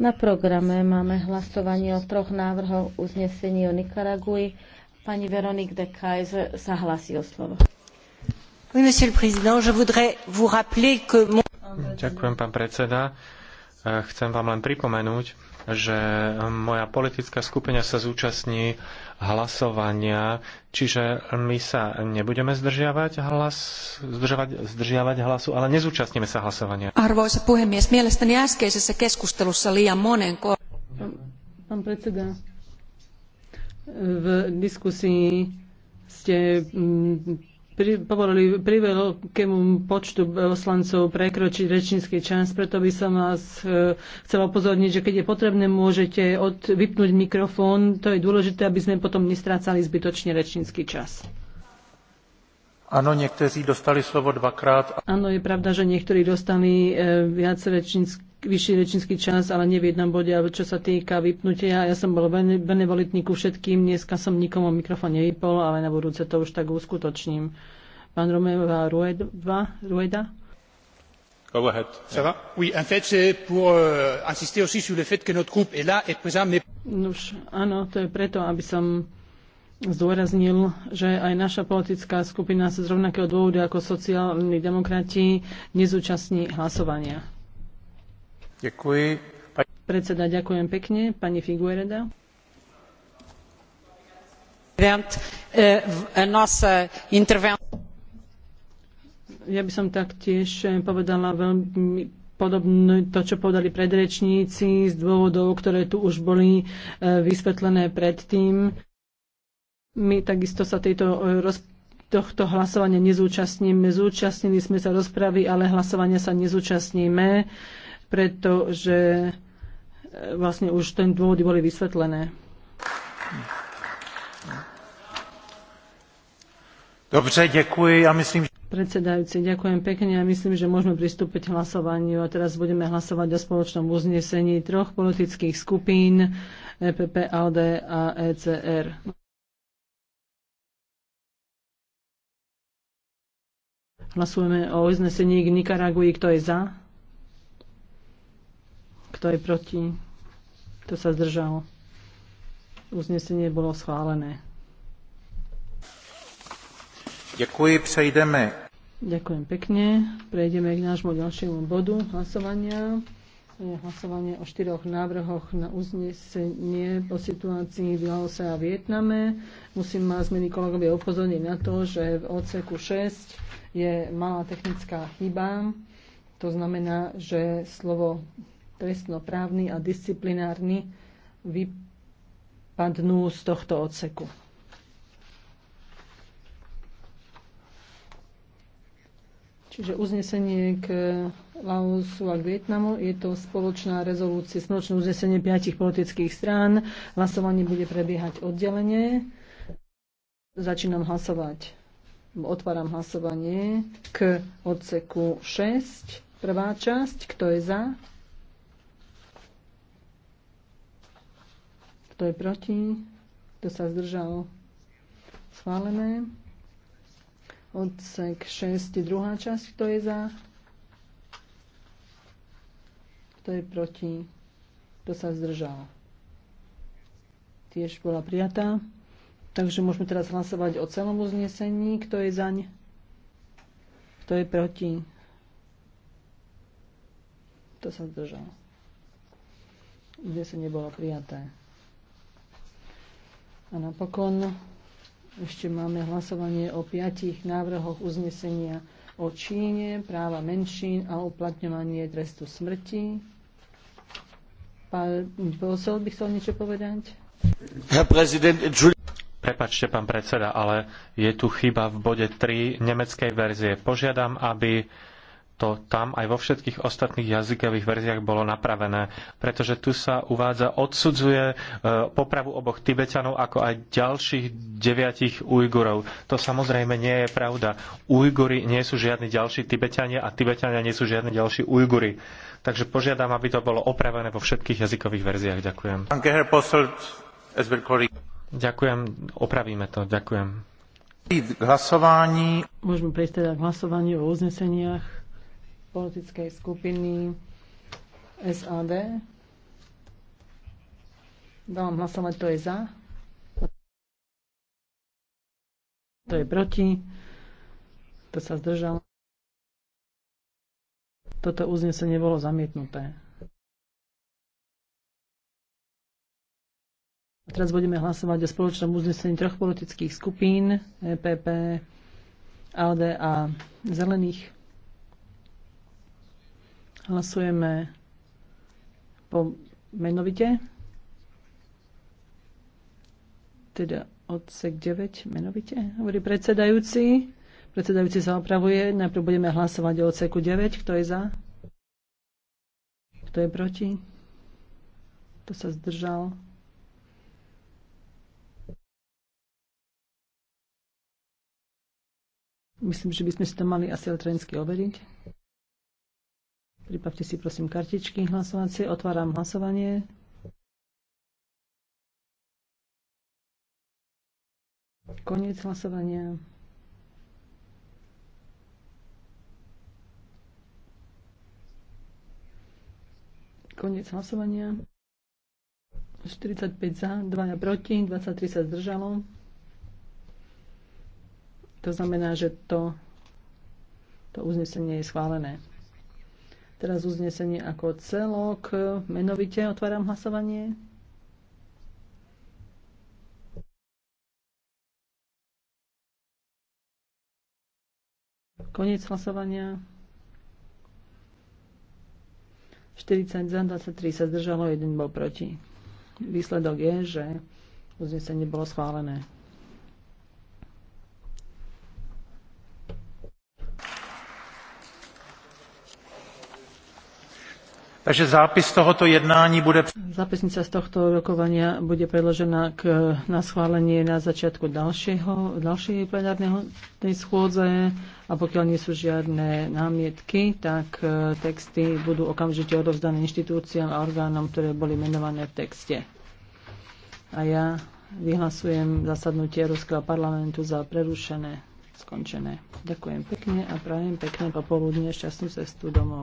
Na programe máme hlasovanie o troch návrhov uznesení o Nikaragui. Pani Veronique de Kaiser sa hlasí o slovo. Oui, monsieur le président, je voudrais vous rappeler que mon... Ďakujem, pán predseda. Chcem vám len pripomenúť, že moja politická skupina sa zúčastní hlasovania, čiže my sa nebudeme zdržiavať, hlas, zdržiavať, zdržiavať hlasu, ale nezúčastníme sa hlasovania. Arvoisa puhemies, mielestäni äskeisessä keskustelussa liian monen... Pán predseda, v diskusii ste mm, pri, povolili priveľkému počtu poslancov prekročiť rečnícky čas, preto by som vás e, chcela upozorniť, že keď je potrebné, môžete od, vypnúť mikrofón. To je dôležité, aby sme potom nestrácali zbytočne rečnícky čas. Áno, niektorí dostali slovo dvakrát. Áno, je pravda, že niektorí dostali e, viac rečnícky vyšší rečnícky čas, ale nie v jednom bode, čo sa týka vypnutia. Ja som bol benevolitný ku všetkým, dneska som nikomu mikrofón nevypol, ale na budúce to už tak uskutočním. Pán Romeva Rueda? Rueda? Go ahead. Ça va? Oui, en fait, c'est pour euh, insister aussi sur le fait que notre groupe est là et présent, mais... Nuž, áno, to je preto, aby som zdôraznil, že aj naša politická skupina sa z rovnakého dôvodu ako sociálni demokrati nezúčastní hlasovania. Ďakujem. Predseda, ďakujem pekne. Pani Figuereda. Ja by som taktiež eh, povedala veľmi podobné to, čo povedali predrečníci z dôvodov, ktoré tu už boli eh, vysvetlené predtým. My takisto sa tejto eh, roz tohto hlasovania nezúčastníme. Zúčastnili sme sa rozpravy, ale hlasovania sa nezúčastníme pretože e, vlastne už ten dôvody boli vysvetlené. Dobre, ďakujem. Ja myslím, Predsedajúci, ďakujem pekne a ja myslím, že môžeme pristúpiť k hlasovaniu. A teraz budeme hlasovať o spoločnom uznesení troch politických skupín EPP, ALDE a ECR. Hlasujeme o uznesení k Nikaragui. Kto je za? Kto je proti? Kto sa zdržal? Uznesenie bolo schválené. Ďakujem, prejdeme. Ďakujem pekne. Prejdeme k nášmu ďalšiemu bodu hlasovania. Je hlasovanie o štyroch návrhoch na uznesenie po situácii v Laose a Vietname. Musím ma zmeny kolegovia upozorniť na to, že v odseku 6 je malá technická chyba. To znamená, že slovo trestnoprávny a disciplinárny vypadnú z tohto odseku. Čiže uznesenie k Laosu a k Vietnamu. Je to spoločná rezolúcia, spoločné uznesenie piatich politických strán. Hlasovanie bude prebiehať oddelenie. Začínam hlasovať. Otváram hlasovanie k odseku 6. Prvá časť. Kto je za? Kto je proti? Kto sa zdržal? Schválené. Odsek 6, druhá časť. Kto je za? Kto je proti? Kto sa zdržal? Tiež bola prijatá. Takže môžeme teraz hlasovať o celom uznesení. Kto je zaň? Kto je proti? Kto sa zdržal? Uznesenie bolo prijaté. A napokon ešte máme hlasovanie o piatich návrhoch uznesenia o Číne, práva menšín a uplatňovanie trestu smrti. Pán posol by chcel niečo povedať? Herr Prepačte, pán predseda, ale je tu chyba v bode 3 nemeckej verzie. Požiadam, aby to tam aj vo všetkých ostatných jazykových verziách bolo napravené, pretože tu sa uvádza, odsudzuje e, popravu oboch Tibetanov ako aj ďalších deviatich Ujgurov. To samozrejme nie je pravda. Ujguri nie sú žiadni ďalší Tibetania a Tibetania nie sú žiadni ďalší Ujguri. Takže požiadam, aby to bolo opravené vo všetkých jazykových verziách. Ďakujem. Ďakujem, opravíme to. Ďakujem. hlasovaní. Môžeme prejsť teda k hlasovaniu o uzneseniach politickej skupiny SAD. Dávam hlasovať, to je za. To je proti. To sa zdržalo. Toto uznesenie bolo zamietnuté. A teraz budeme hlasovať o spoločnom uznesení troch politických skupín EPP, ALDE a Zelených. Hlasujeme po menovite. Teda odsek 9 menovite, hovorí predsedajúci. Predsedajúci sa opravuje. Najprv budeme hlasovať o odseku 9. Kto je za? Kto je proti? Kto sa zdržal? Myslím, že by sme si to mali asi elektronicky overiť. Pripravte si prosím kartičky hlasovacie. Otváram hlasovanie. Koniec hlasovania. Koniec hlasovania. 45 za, 2 proti, 23 sa zdržalo. To znamená, že to, to uznesenie je schválené. Teraz uznesenie ako celok. Menovite otváram hlasovanie. Koniec hlasovania. 40 za, 23 sa zdržalo, jeden bol proti. Výsledok je, že uznesenie bolo schválené. Takže zápis tohoto jednání bude... Zápisnica z tohto rokovania bude predložená k, na schválenie na začiatku ďalšieho, ďalšej plenárneho tej schôdze a pokiaľ nie sú žiadne námietky, tak e, texty budú okamžite odovzdané inštitúciám a orgánom, ktoré boli menované v texte. A ja vyhlasujem zasadnutie Ruského parlamentu za prerušené, skončené. Ďakujem pekne a prajem pekné popoludne šťastnú cestu domov.